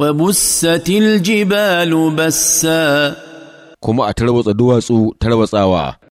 وبست الجبال بسا كما أتلوط دواسو تلوصاوا